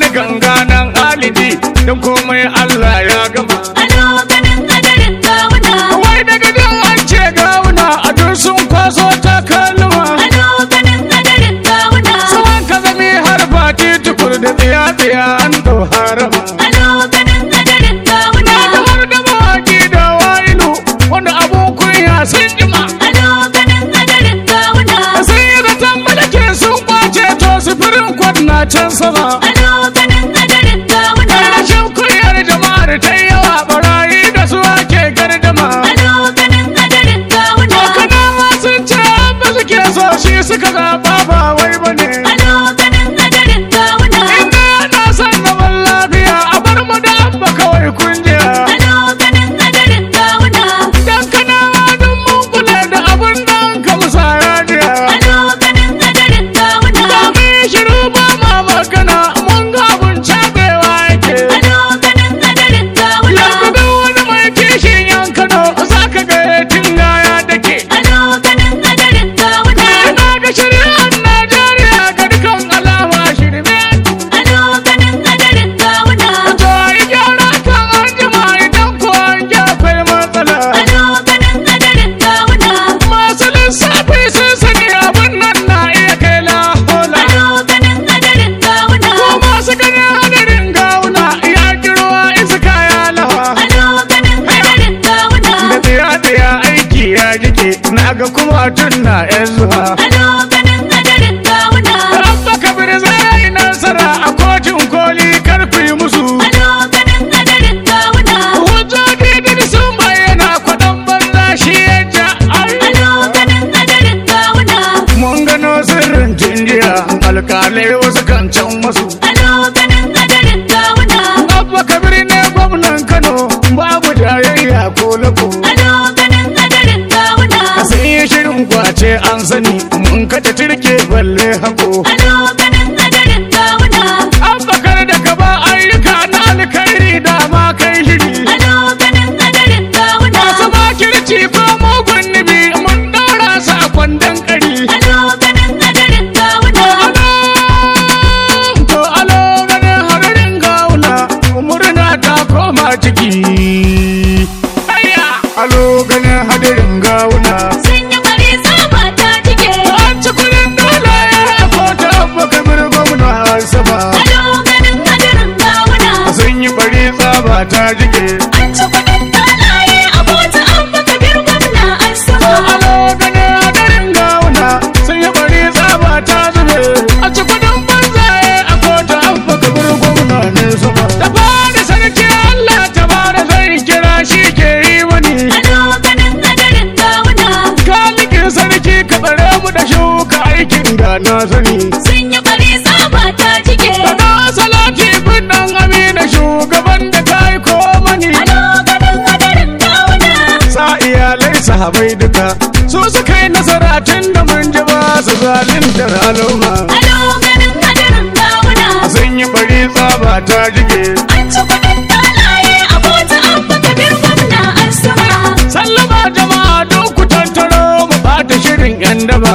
wani ganga nan halidi don komai Allah ya gama. Ano ganin hadarin gawuna. Wai daga dan an ce gawuna a duk sun kwaso takalma. Ano ganin hadarin gawuna. Sun ka zame har fati tukur da tsiya-tsiya ne na ga kuma tun na yan zuwa. A doganin nasara a kotun musu. Hujjoji bayyana Mun gano sirrin jinjiya alkalai wasu kan can wasu. A doganin hadarin abba ne gwamnan Kano babu jayayya ko lako. an zani mun kace turke balle hako adige uwa iyalai sahabai duka su su kai nasara tun da mun ji ba su zalintar al'umma ganin hadarin gawuna sun yi fari tsaba ta jige an ci kudin talaye a bota abba kabir gwamna an suma sallama jama'a duk ku tantaro mu bata shirin yan daba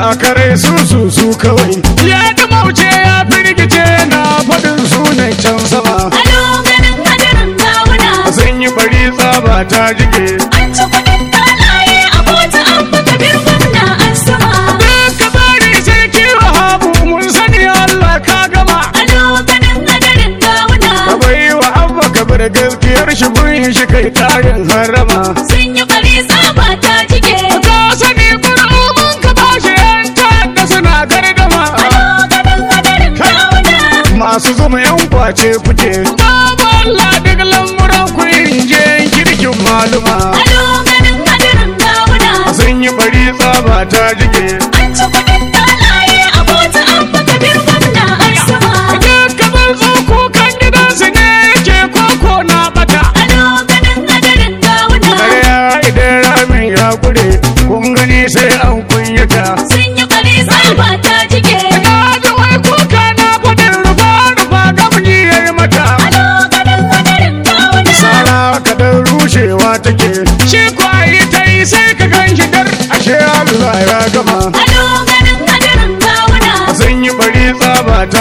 sa kare su su kawai ya da mauce ya firgice na faɗin sunan can sama alo ganin hadarin gawuna Zan yi bari tsaba ta jike sarki mun sani Allah gama alo ganin hadarin gaskiyar shi gun shi kai tarin harama sun yi I charge again.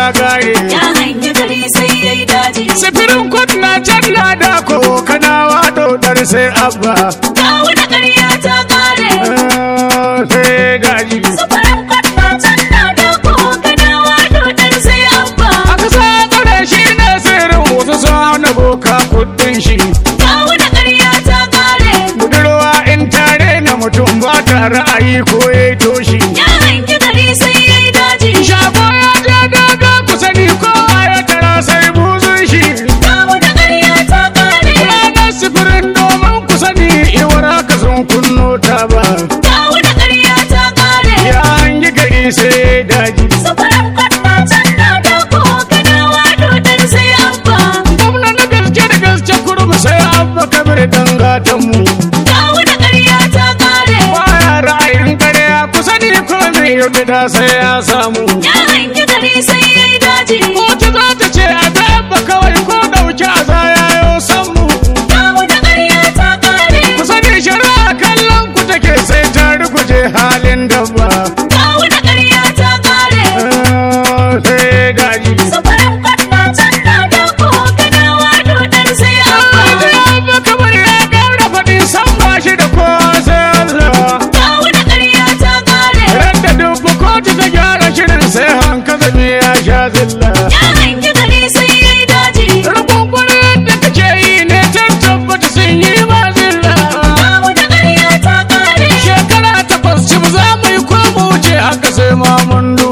ya gare ya hanya gari sai yayi daji sifirin na janna da ko kana wato dar sai abba ga wani ƙarya ta gare sai gaji sifirin kwat na da ko kana wato dar sai abba aka eh, sa shi ne na boka kuɗin shi ga ƙarya ta gare budurwa in tare na mutum ba ta ra'ayi ko sai daji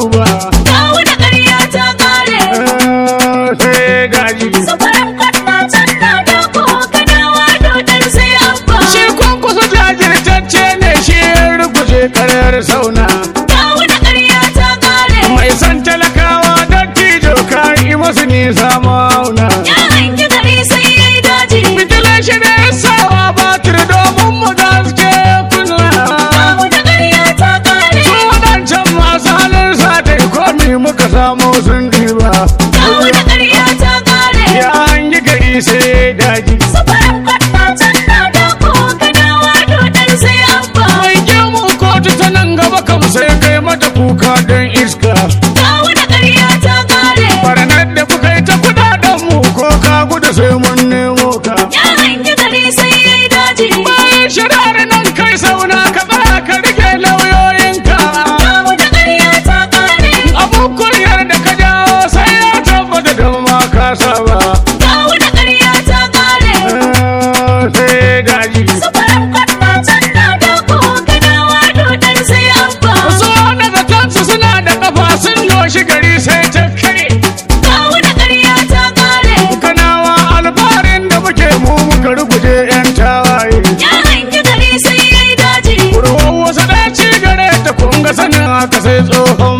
lua ka ruguje 'yan tawaye. Yaran ki gari sai yayi daji. Kurwan wasu ɗaci gare ta kunga sanin ka sai tsohon